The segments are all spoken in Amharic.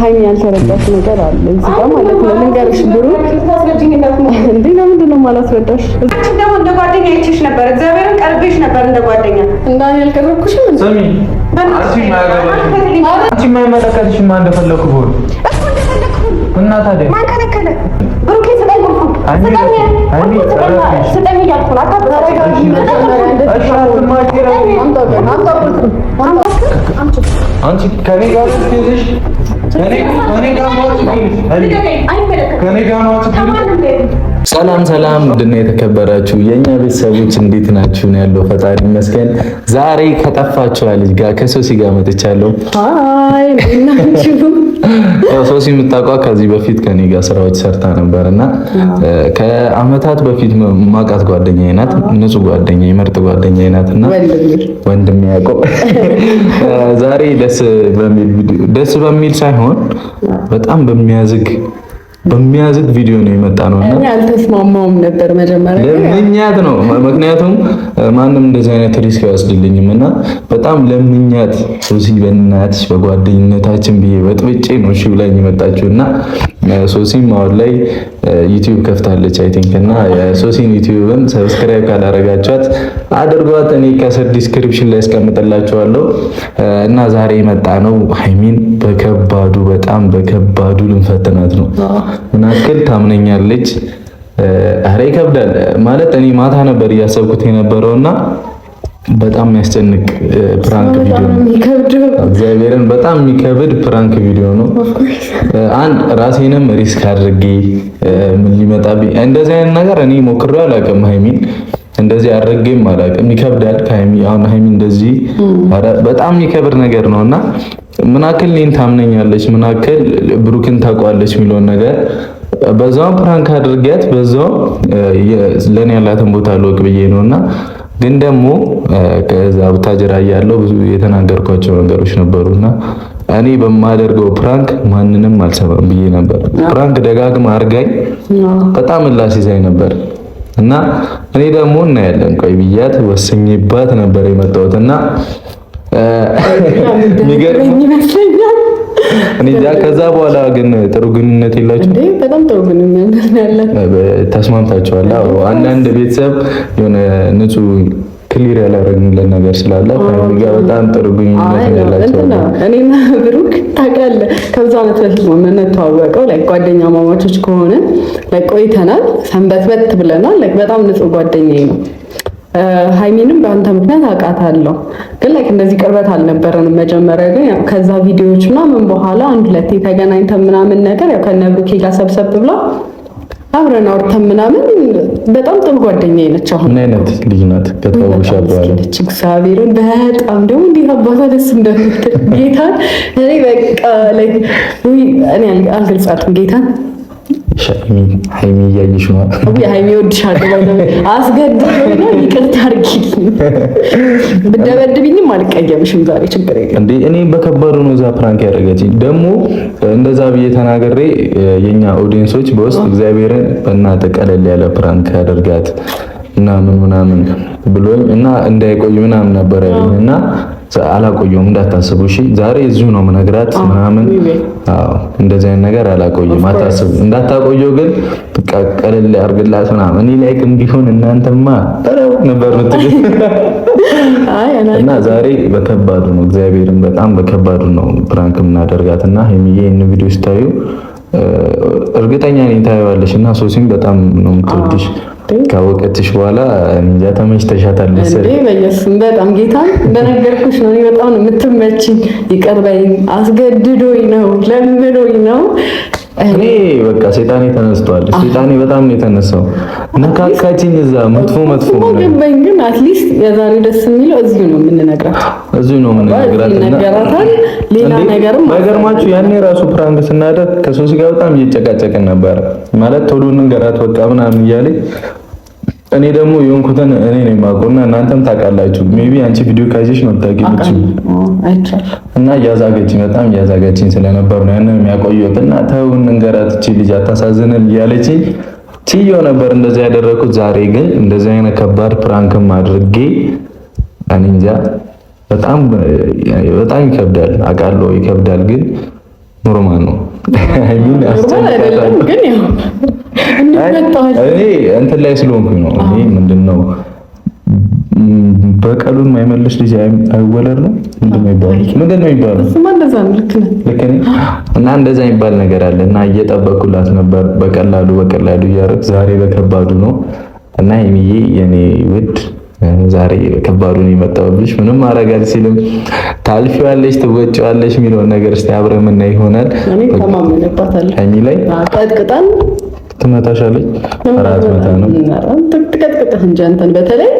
ሀይሚ ያልተረዳሽ ነገር አለ እዚህ ጋር ማለት ነው። ልንገርሽ ብሩክ እንዴ ለምንድን ነው የማላስረዳሽ? ደግሞ እንደ ጓደኛ አይቼሽ ነበር፣ እግዚአብሔርን ቀርቤሽ ነበር እንደ ጓደኛ። እንዳን ያልቀረብኩሽም አንቺ የማይመለከትሽ ማ እንደፈለኩ ብሆን እና ታዲያ ማን ከለከለ? አንቺ ከኔ ጋር ሰላም ሰላም፣ ድና የተከበራችሁ የእኛ ቤተሰቦች እንዴት ናችሁ? ነው ያለው። ፈጣሪ ይመስገን። ዛሬ ከጠፋችኋ ልጅ ጋር ከሶሲ ጋር መጥቻለሁ። አይ ሶሲ የምታውቋት ከዚህ በፊት ከኔ ጋር ስራዎች ሰርታ ነበር እና ከአመታት በፊት ማውቃት ጓደኛ ናት። ንጹህ ጓደኛዬ፣ ምርጥ ጓደኛዬ ናት እና ወንድሜ ያቆብ ዛሬ ደስ በሚል ሳይሆን በመሆን በጣም በሚያዝግ በሚያዝቅ ቪዲዮ ነው የመጣ ነው እና አልተስማማውም ነበር መጀመሪያ ለምኛት ነው። ምክንያቱም ማንም እንደዚህ አይነት ሪስክ አይወስድልኝም እና በጣም ለምኛት ሶሲ በእናትሽ በጓደኝነታችን ብዬ በጥብጬ ነው እሺ ብላኝ የመጣችው እና ሶሲም አሁን ላይ ዩቲዩብ ከፍታለች አይ ቲንክ እና የሶሲን ዩቲዩብን ሰብስክራይብ ካላረጋችኋት አድርጓት። እኔ ከስር ዲስክሪፕሽን ላይ አስቀምጥላችኋለሁ እና ዛሬ የመጣ ነው ሃይሚን በከባዱ በጣም በከባዱ ልንፈትናት ነው ምን ያክል ታምነኛለች? አረ ይከብዳል ማለት እኔ ማታ ነበር እያሰብኩት የነበረውና በጣም የሚያስጨንቅ ፕራንክ ቪዲዮ ነው። እግዚአብሔርን በጣም የሚከብድ ፕራንክ ቪዲዮ ነው። አንድ ራሴንም ሪስክ አድርጌ ምን ሊመጣብኝ እንደዚህ አይነት ነገር እኔ ሞክሬው አላውቅም ሀይሚን እንደዚህ አድርጌም አላውቅም። ይከብዳል። ከሀይሚ አሁን ሀይሚ እንደዚህ በጣም የሚከብር ነገር ነው እና ምን አክል እኔን ታምነኛለች፣ ምን አክል ብሩክን ታውቀዋለች የሚለውን ነገር በዛው ፕራንክ አድርጊያት፣ በዛው ለእኔ ያላትን ቦታ ልወቅ ብዬ ነው እና ግን ደግሞ ከዛ ቡታጀራ ያለው ብዙ የተናገርኳቸው ነገሮች ነበሩና እኔ በማደርገው ፕራንክ ማንንም አልሰማም ብዬ ነበር። ፕራንክ ደጋግማ አርጋኝ በጣም እላስ ይዛኝ ነበር እና እኔ ደግሞ እናያለን ቆይ ብያት ወስኝባት ነበር የመጣሁት እና የሚገርም ይመስለኛል። ከዛ በኋላ ግን ጥሩ ግንኙነት የላችሁ እንዴ? በጣም ጥሩ ግንኙነት ያለ ተስማምታችኋል። አንዳንድ ቤተሰብ የሆነ ንጹህ ክሊር ያላረግንልን ነገር ስላለ ጋ በጣም ጥሩ ግንኙነት ያላቸው እኔና ብሩክ ታውቃለህ፣ ከብዙ አመት በፊት ነው የምንተዋወቀው። ላይ ጓደኛ ማማቾች ከሆነ ላይ ቆይተናል፣ ሰንበትበት ብለናል። ላይ በጣም ንጹህ ጓደኛ ነው። ሀይሚንም በአንተ ምክንያት አውቃታለሁ፣ ግን ላይ እንደዚህ ቅርበት አልነበረንም። መጀመሪያ ግን ከዛ ቪዲዮዎች ምናምን በኋላ አንድ ሁለቴ ተገናኝተን ምናምን ነገር ያው ከነ ጋር ሰብሰብ ብላ አብረን አውርተን ምናምን በጣም ጥሩ ጓደኛ ነች። አሁን ምን አይነት ልጅ ናት? እግዚአብሔርን በጣም ደግሞ እንዴት አባቷ ደስ እንደምትል ጌታን እኔ በቃ ላይ እኔ አልገልጻትም ጌታን ሀይሚ እያየሽ ነው። ሀይሚ ወድሻል። አስገድዶ ነው። ይቅርታ አድርጊልኝ። ብደበድብኝም አልቀየምሽም። ዛሬ ችግር የለም እንዴ። እኔ በከባዱ ነው እዛ ፕራንክ ያደረገችኝ። ደግሞ እንደዛ ብዬ ተናገሬ የኛ ኦዲየንሶች በውስጥ እግዚአብሔርን በእናትህ ቀለል ያለ ፕራንክ ያደርጋት ምናምን ምናምን ብሎኝ እና እንዳይቆይ ምናምን ነበረ እና አላቆየውም፣ እንዳታስቡ እሺ። ዛሬ እዚሁ ነው ምነግራት ምናምን። አዎ እንደዚህ አይነት ነገር አላቆየም፣ አታስቡ። እንዳታቆየው ግን በቃ ቀለል አድርግላት ምናምን። እኔ ላይክ ቢሆን እናንተማ ተራው ነበር ምትል እና ዛሬ በከባዱ ነው እግዚአብሔርን በጣም በከባዱ ነው ፕራንክ የምናደርጋት እና ሀይሚዬ ይህን ቪዲዮ ስታዩ እርግጠኛ ነኝ ታየዋለሽ እና ሶሲም በጣም ነው የምትወድሽ ካወቀችሽ በኋላ እንጃ ተመችተሻታል መሰለኝ። በጣም ጌታ በነገርኩሽ ነው። በጣም የምትመችኝ ይቀርበኝ አስገድዶኝ ነው ለምኖኝ ነው እኔ በቃ ሴጣኔ ተነስቷል። ሰይጣኔ በጣም ነው የተነሳው። ነካካችኝ እዛ መጥፎ መጥፎ ግን አትሊስት የዛሬ ደስ የሚለው እዚሁ ነው የምንነግራት፣ እዚሁ ነው የምንነግራት። ሌላ ነገርም ባይገርማችሁ ያኔ ራሱ ፕራንክ ስናደርግ ከሶስት ጋር በጣም እየጨቃጨቅን ነበረ። ማለት ቶሎ ንገራት በቃ ምናምን እያለኝ እኔ ደግሞ የሆንኩትን እኔ ነው የማውቀው እና እናንተም ታውቃላችሁ። ሜይ ቢ አንቺ ቪዲዮ ካይዘሽ ነው ታገኝችው እና እያዛገችኝ በጣም እያዛገችኝ ስለነበር ነው ያንን የሚያቆየት እና ተውን እንገራትቺ ልጅ አታሳዝንል ያለችኝ ችየው ነበር እንደዚህ ያደረኩት። ዛሬ ግን እንደዚህ አይነት ከባድ ፕራንክም አድርጌ እኔ እንጃ። በጣም በጣም ይከብዳል አውቃለሁ፣ ይከብዳል ግን ኖርማል ነው። እኔ እንትን ላይ ስለሆንኩኝ ነው። እኔ ምንድን ነው በቀሉን የማይመልስ ልጅ አይወለድ ነው እና እንደዛ የሚባል ነገር አለ እና እየጠበኩላት ነበር። በቀላሉ በቀላሉ እያደረግ ዛሬ በከባዱ ነው እና የሚዬ የኔ ውድ ዛሬ ከባዱን የመጣሁብሽ ምንም ማድረግ አልችልም፣ ታልፊዋለሽ፣ ትወጪዋለሽ የሚለውን ነገር እስቲ አብረን የምናይ ይሆናል። እኔ ላይ ቀጥቅጣን ትመታሻለች። ራት መታ ነው ትቀጥቅጥህ እንጂ አንተን በተለይ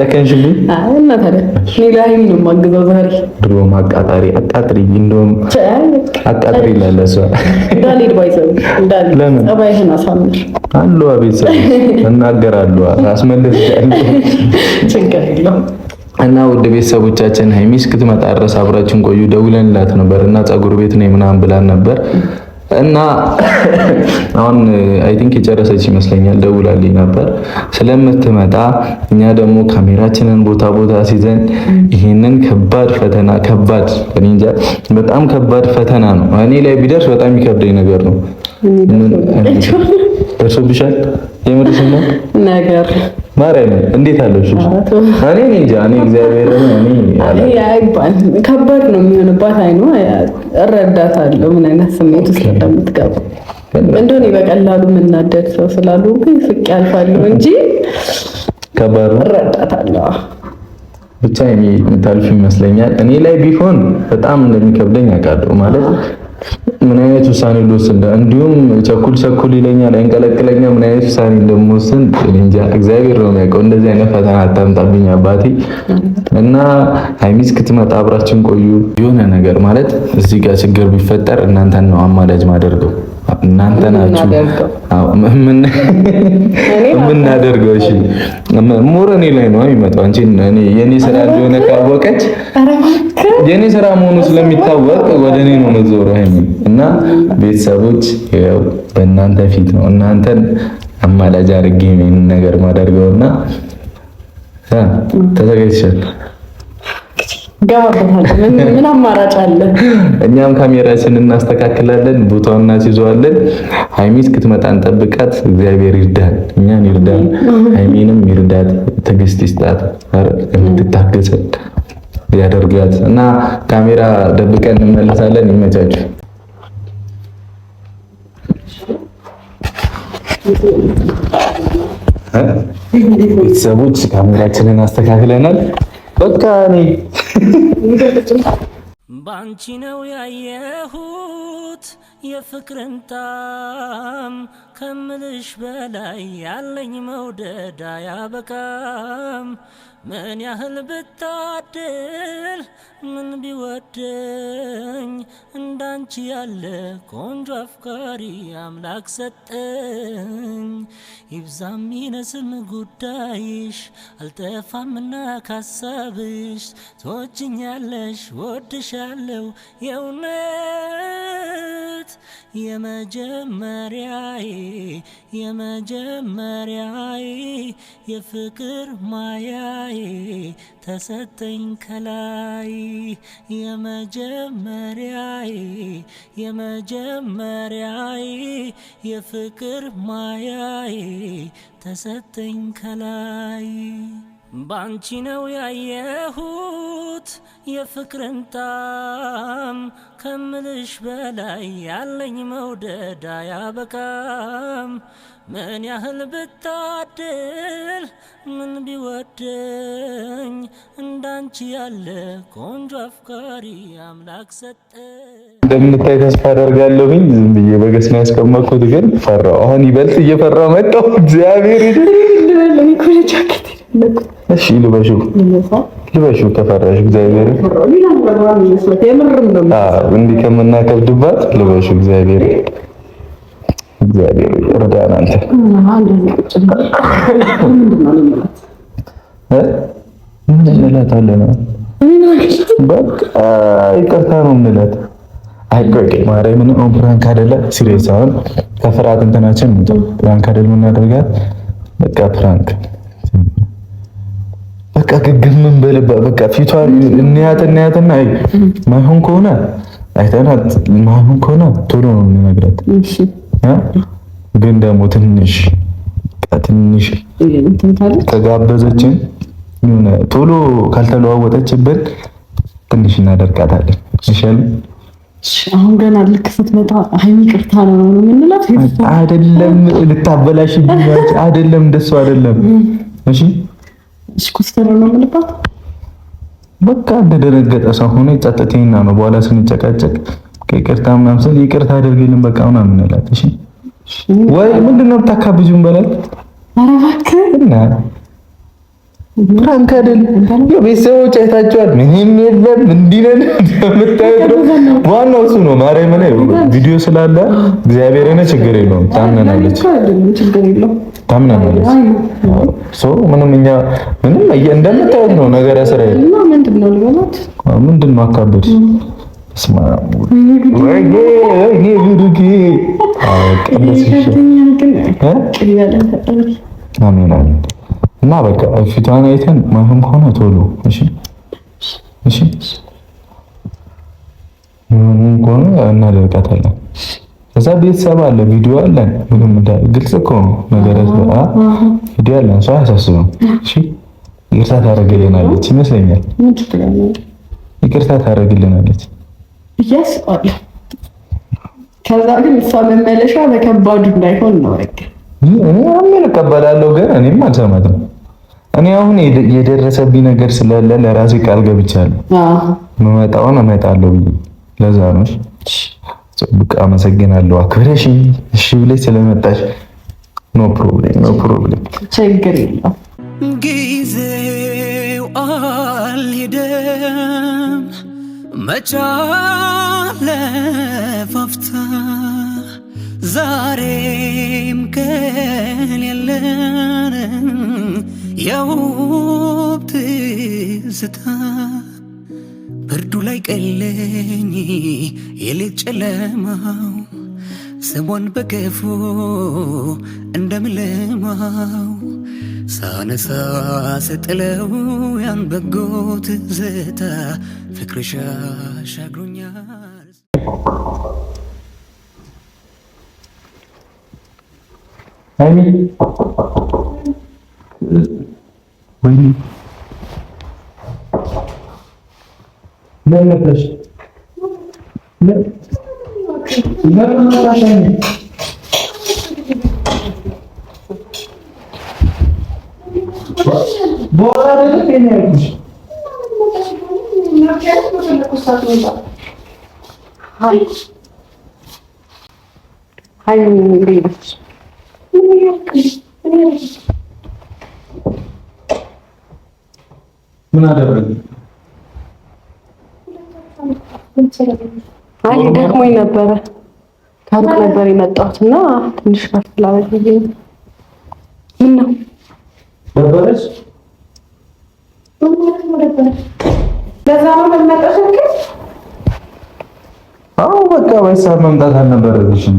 ጨከንሽልኝ እና ታዲያ እኔ ነው የማግዘው። ዛሬ ድሮም አቃጣሪ አቃጥሪ እንደውም አቃጥሪ ይላል እሷ እንዳልሄድ ባይዘው እንዳልሄድ ጸባይህን አሳምር አለዋ ቤተሰብ እናገራለሁ አስመልሻለሁ። ችግር የለውም። እና ውድ ቤተሰቦቻችን ሀይሚ እስክትመጣ ድረስ አብራችን ቆዩ። ደውለንላት ነበር እና ፀጉር ቤት ነው ምናምን ብላን ነበር እና አሁን አይ ቲንክ የጨረሰች ይመስለኛል። ደውላልኝ ነበር ስለምትመጣ እኛ ደግሞ ካሜራችንን ቦታ ቦታ ሲዘን ይሄንን ከባድ ፈተና ከባድ እንጃ በጣም ከባድ ፈተና ነው። እኔ ላይ ቢደርስ በጣም የሚከብደኝ ነገር ነው። ደርሶብሻል? የምርስ ነው ነገር ማርያም እንዴት አለሽ? እሺ እኔ እንጃ እኔ እግዚአብሔር እኔ አይባል ከባድ ነው የሚሆንባት። አይኑ ነው እረዳታለሁ፣ ምን አይነት ስሜት ውስጥ እንደምትገባ እንደሆነ በቀላሉ የምናደድ ሰው ስላሉ ግን ፍቅ ያልፋለሁ እንጂ ከባድ ነው። እረዳታለሁ ብቻ የምታልፍ ይመስለኛል። እኔ ላይ ቢሆን በጣም እንደሚከብደኝ አውቃለሁ ማለት ምን አይነት ውሳኔ ልወስን እንዲሁም ቸኩል ቸኩል ይለኛል፣ ያንቀለቅለኛ። ምን አይነት ውሳኔ እንደምወስን እንጃ፣ እግዚአብሔር ነው የሚያውቀው። እንደዚህ አይነት ፈተና አታምጣብኝ አባቴ። እና ሀይሚ እስክትመጣ አብራችን ቆዩ። የሆነ ነገር ማለት እዚህ ጋር ችግር ቢፈጠር እናንተን ነው አማላጅ ማደርገው እናንተ ናችሁ የምናደርገው። እሺ ሞረኔ ላይ ነው የሚመጣው። አንቺ የኔ ስራ እንደሆነ ካወቀች የኔ ስራ መሆኑ ስለሚታወቅ ወደ እኔ ነው መዞሩ እና ቤተሰቦች ያው በእናንተ ፊት ነው እናንተን አማላጅ አድርጌ ነው ነገር ማደርገውና ተዘጋጅቻል። ምን አማራጭ አለ? እኛም ካሜራችን እናስተካክላለን፣ ቦታውን እናስይዘዋለን። ሀይሚ እስክትመጣ እንጠብቃት። እግዚአብሔር ይርዳል፣ እኛን ይርዳል፣ ሀይሚንም ይርዳት፣ ትዕግስት ይስጣት፣ የምትታገሰን ያደርጋት እና ካሜራ ደብቀን እንመለሳለን። ይመቻችሁ። ቤተሰቦች ካሜራችንን አስተካክለናል። በቃ እኔ ባንቺ ነው ያየሁት የፍቅርን ጣም ከምልሽ በላይ ያለኝ መውደድ አያበቃም። ምን ያህል ብታድል ምን ቢወደኝ እንዳንቺ ያለ ቆንጆ አፍቃሪ አምላክ ሰጠኝ። ይብዛም ይነስም ጉዳይሽ አልጠፋምና ካሳብሽ ትወጅኛለሽ ወድሻለው የእውነት የመጀመሪያዬ የመጀመሪያዬ የፍቅር ማያዬ ተሰጠኝ ከላይ የመጀመሪያዬ የመጀመሪያዬ የፍቅር ማያዬ ተሰጠኝ ከላይ ባንቺ ነው ያየሁት የፍቅርን ጣም ከምልሽ በላይ ያለኝ መውደድ አያበቃም። ምን ያህል ብታድል ምን ቢወደኝ እንዳንቺ ያለ ቆንጆ አፍቃሪ አምላክ ሰጠ። እንደምታይ ተስፋ አደርጋለሁኝ። ዝም ብዬ በገስና ያስቀመጥኩት ግን ፈራው። አሁን ይበልጥ እየፈራው መጣው እግዚአብሔር የሆነ ጃኬት እሺ፣ ተፈራሽ እግዚአብሔር እንዲህ ከምናከብድባት እግዚአብሔር እግዚአብሔር እርዳን አንተ ምን በቃ ይቅርታ ነው አይ ቆይ ማርያምን ፕራንክ አይደለ ሲሪየስ። አሁን ከፍርሃት እንትናችን ፕራንክ አይደል በቃ ፕራንክ በቃ ግግምን በልባ በቃ ፊቷ እንያት እንያትና ማይሆን ከሆነ አይተናት ማይሆን ከሆነ ቶሎ ነው የምንነግራት። ግን ደግሞ ትንሽ ትንሽ ከጋበዘችን ቶሎ ካልተለዋወጠችብን ትንሽ እናደርቃታለን ይሻል አሁን ገና ልክ ስትመጣ ሀይሚ ቅርታ ነው ነው የምንላት። አይደለም ልታበላሽ አይደለም፣ እንደሱ አይደለም። እሺ እሺ፣ ኮስተር ነው የምንባት። በቃ እንደደነገጠ ሰው ሆነ ጸጥቴና ነው። በኋላ ስንጨቃጨቅ ከይቅርታ ምናምን ስል ይቅርታ አድርግልን በቃ ምናምን ምንላት። እሺ ወይ ምንድነው ነው የምታካብጂውን በላት። እና ፕራንክ አይደለም። ቤተሰቦች አይታችኋል። ምንም የለም። እንዲህ ነን የምታዩት ነው። ዋናው እሱ ነው። ማርያም ላይ ቪዲዮ ስላለ እግዚአብሔር ነ ችግር የለውም። ታምናለች፣ ታምናለች። ምንም እኛ ምንም እንደምታዩት ነው። ነገር ስራ ምንድን ነው አካበድ ስማ እና በቃ ፊቷን አይተን ማህም ከሆነ ቶሎ እሺ፣ እሺ ምን ከሆነ እናደርጋታለን። ከዛ ቤተሰብ አለ፣ ቪዲዮ አለን። ምንም ግልጽ እኮ ነገር ቪዲዮ አለን። ሰው አያሳስብም። እሺ ይቅርታ ታደርግልናለች ይመስለኛል። ይቅርታ ታደርግልናለች ብዬሽ አስባለሁ። ከዛ ግን እሷ መመለሻ በከባዱ እንዳይሆን ነው በቃ እኔ አሜን እቀበላለሁ፣ ግን እኔም አልሰማትም። እኔ አሁን የደረሰብኝ ነገር ስላለ ለራሴ ቃል ገብቻለሁ። አዎ መመጣውን እመጣለሁ ብዬ ለዛ ነው። ብቅ አመሰግናለሁ። አክብረሽ እሺ ብለሽ ስለመጣሽ ኖ ፕሮብሌም፣ ኖ ፕሮብሌም፣ ችግር የለም። ጊዜው አልሄደም መቻ ለፋፍታ ዛሬም የለን የውብ ትዝታ ብርዱ ላይ ቀለኝ የሌት ጨለማው ስቦን በገፎ እንደምለማው ሳነሳ ስጥለው ያን በጎ ትዝታ ፍቅርሽ አሻግሮኛል። Amy. Amy. Nereye taş? Ne? Nereye taş Amy? Bu arada da beni yapmış. Hayır. Hayır, hayır. ምን አደረገ? አይ ደክሞኝ ነበረ ከሩቅ ነበር የመጣሁት እና ትንሽ ከፍ ላደርግ ምን ነው ደበረሽ? በዛ ነው መመጣሽ? አዎ በቃ በሰዓት መምጣት አልነበረብሽም።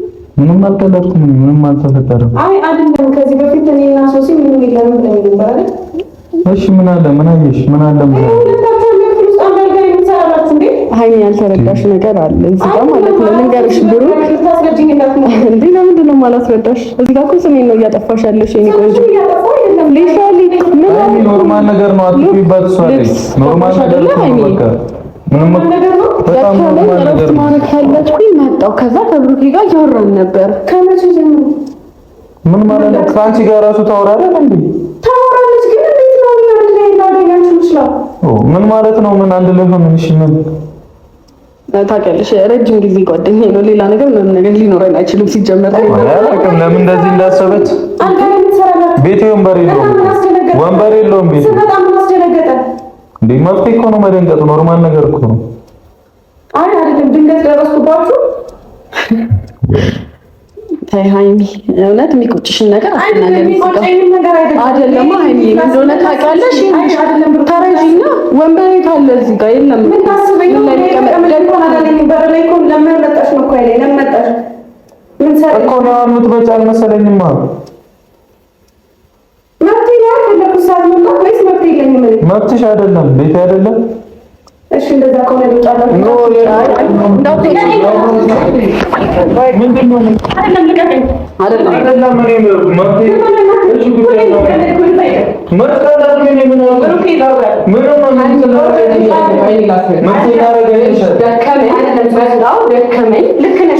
ምንም አልቀለድኩም፣ ምንም አልተፈጠረም። አይ አይደለም፣ ከዚህ በፊት እኔ እና ሶሲ ምንም የለም ብለን ነበር አይደል? እሺ ምን አለ? ምን አየሽ? ምን አለ? ምን ሀይሚ ያልተረዳሽ ነገር አለ እዚህ ጋር ማለት ነው። ልንገርሽ ብሩ እንዴ ለምንድን ነው የማላስረዳሽ? እዚህ ጋር እኮ ስሜን ነው እያጠፋሽ ያለሽ የኔ ቆንጆ። ኖርማል ነገር ነው። አትይባት ሷለኝ ኖርማል ነገር ነው። በጣም እረፍት ማድረግ ካለብኝ መጣሁ። ከዛ ከብሩኬ ጋር እያወራን ነበር። ከመቼ ጀምሮ ምን ማለት ነው? ከአንቺ ጋር እራሱ ታወራለህ እንዴ? ታወራለች፣ ግን እንዴት ነው ያለው? ላገኛችሁ ይችላል። ምን ማለት ነው? ምን አንድ ላይ ሆነን እሺ ምን ታውቂያለሽ ረጅም ጊዜ ጓደኛ ነው። ሌላ ነገር ምንም ነገር ሊኖረን አይችልም። ሲጀመር አላውቅም ለምን እንደዚህ እንዳሰበች ቤቴ ወንበር የለውም፣ ወንበር የለውም ቤቴ እንዴ መብቴ እኮ ነው መደንገጥ፣ ኖርማል ነገር እኮ ነው። አይ አይደለም፣ ድንገት ደረስኩባችሁ። ታይ ሃይሚ፣ እውነት የሚቆጭሽን ነገር አይደለም፣ አይደለም ሃይሚ፣ እንደሆነ ታውቂያለሽ። ተረጂና ወንበር አለ እዚህ ጋር የለም። ምን ታስበኝ ነው ለምን መጣሽ? ምን እኮ ነው መብትሽ አይደለም፣ ቤቴ አይደለም። እሺ እንደዛ ከሆነ ደከመኝ። ልክ ነሽ።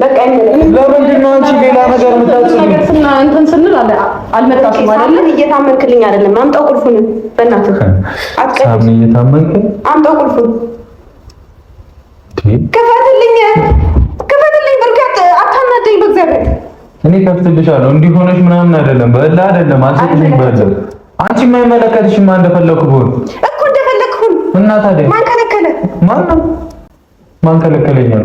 ለምንድን ነው ሌላ ነገር እንትን አይደለም? እየታመንክልኝ አይደለም። አምጣው ቁልፉን፣ በእናትህ አትቀልድ። እየታመንክ አምጣው ቁልፉን፣ ክፈትልኝ፣ እኔ ከፍትልሻለሁ። እንዲህ ሆነሽ ምናምን አይደለም፣ በላ አይደለም፣ አልሰጥሽም። በላ አንቺ የማይመለከትሽ ማ እንደፈለኩ ብሆን እኮ እንደፈለኩ እና ታዲያ ማን ከለከለ? ማን ማን ከለከለኛል?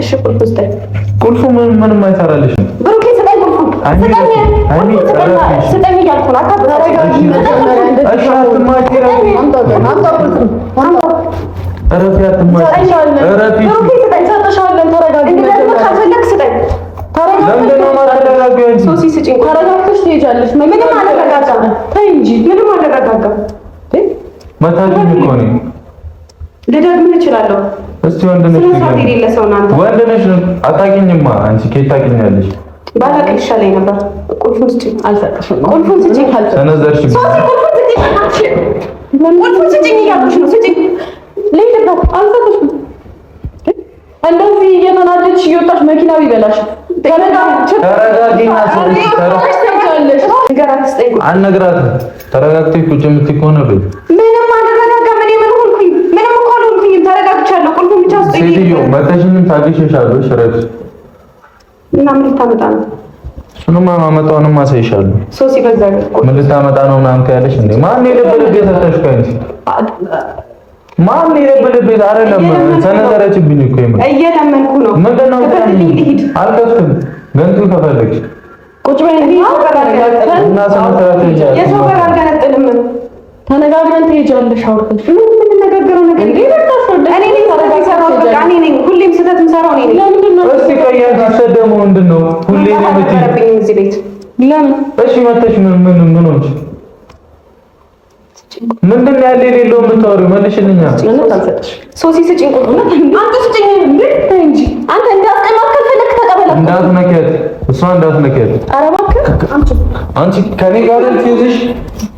እሺ ቁልፍ ስጠኝ። ቁልፉ ምን ምን ብሩኬ ስጠኝ ቁልፉን። ስጠኝ ልደግም እችላለሁ እስቲ ወንድ ነሽ ወንድ ነሽ አታውቂኝማ። አንቺ ከየት ታውቂኛለሽ? ባላቅ ይሻለኝ ነበር። ነው። እንደዚህ እየተናደድሽ እየወጣሽ መኪናው ይበላሽ። ተረጋጊ። አልነግራትም። ተረጋግተሽ ቁጭ የምትይ ከሆነ በይ ሰጥቻለሁ። ቁልፉን ብቻ ስጠኝ። ሴትዮ መተሽንም ታግሼሻለሁ። ሽረት እና ምን ልታመጣ ነው? እሱንማ ማመጣውንም አሳይሻለሁ። ሶሲ በዛ ምን ልታመጣ ነው ምናምን ካለሽ እንዴ ማን የለበለብ የሰጠሽ ከአንቺ ማን የለበለብ አይደለም። ተነዘረችብኝ እኮ ይመ እየለመንኩ ነው። ምንድን ነው አልከፍትም። ገንቱ ከፈለግሽ ቁጭ በይ ተነጋግረን ትሄጃለሽ አውርተሽ የምትነጋገረው ነገር እንዴ? ሁሌም ስህተት የምሰራው እኔ ነኝ። እስቲ ቆይ አንቺስ ደግሞ ምንድን ነው ሁሌም የምትይኝ እዚህ ቤት ለምን? እሺ መተሽ ምን ምን ምን ሆንሽ? ምንድን ነው ያለ የሌለው የምታወሪው? መልሽልኛ። ሶሲ ስጭኝ ቁጥሩን። አንተ ስጭኝ እንጂ አንተ እንዳትቀማት እሷ እንዳትነኪያት። ኧረ እባክህ አንቺ ከእኔ ጋር ትይዝሽ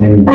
ችግር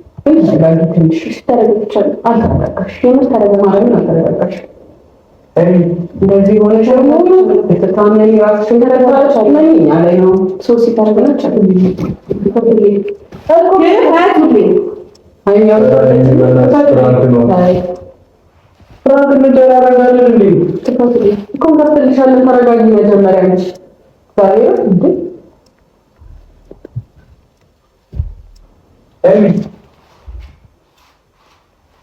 ይችላሉ ትንሽ ስታደርግ ብቻ አልተረጋጋሽ፣ የምር ታደርግ ማለት ነው። አልተረጋጋሽ እንደዚህ የሆነ ደግሞ የተታመኒ ራስሽን ተረጋጋሽ። መኛ ላይ ነው ሰው ሲታደርግ ናቸ ፍራንክ እንደራረጋለን እንዴ ትፋት እኮ ንካስትልሻለን። ተረጋጊ መጀመሪያ ነች ዛሬ እንዴ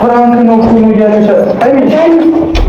Frank'ın okulu gelmiş. Emin.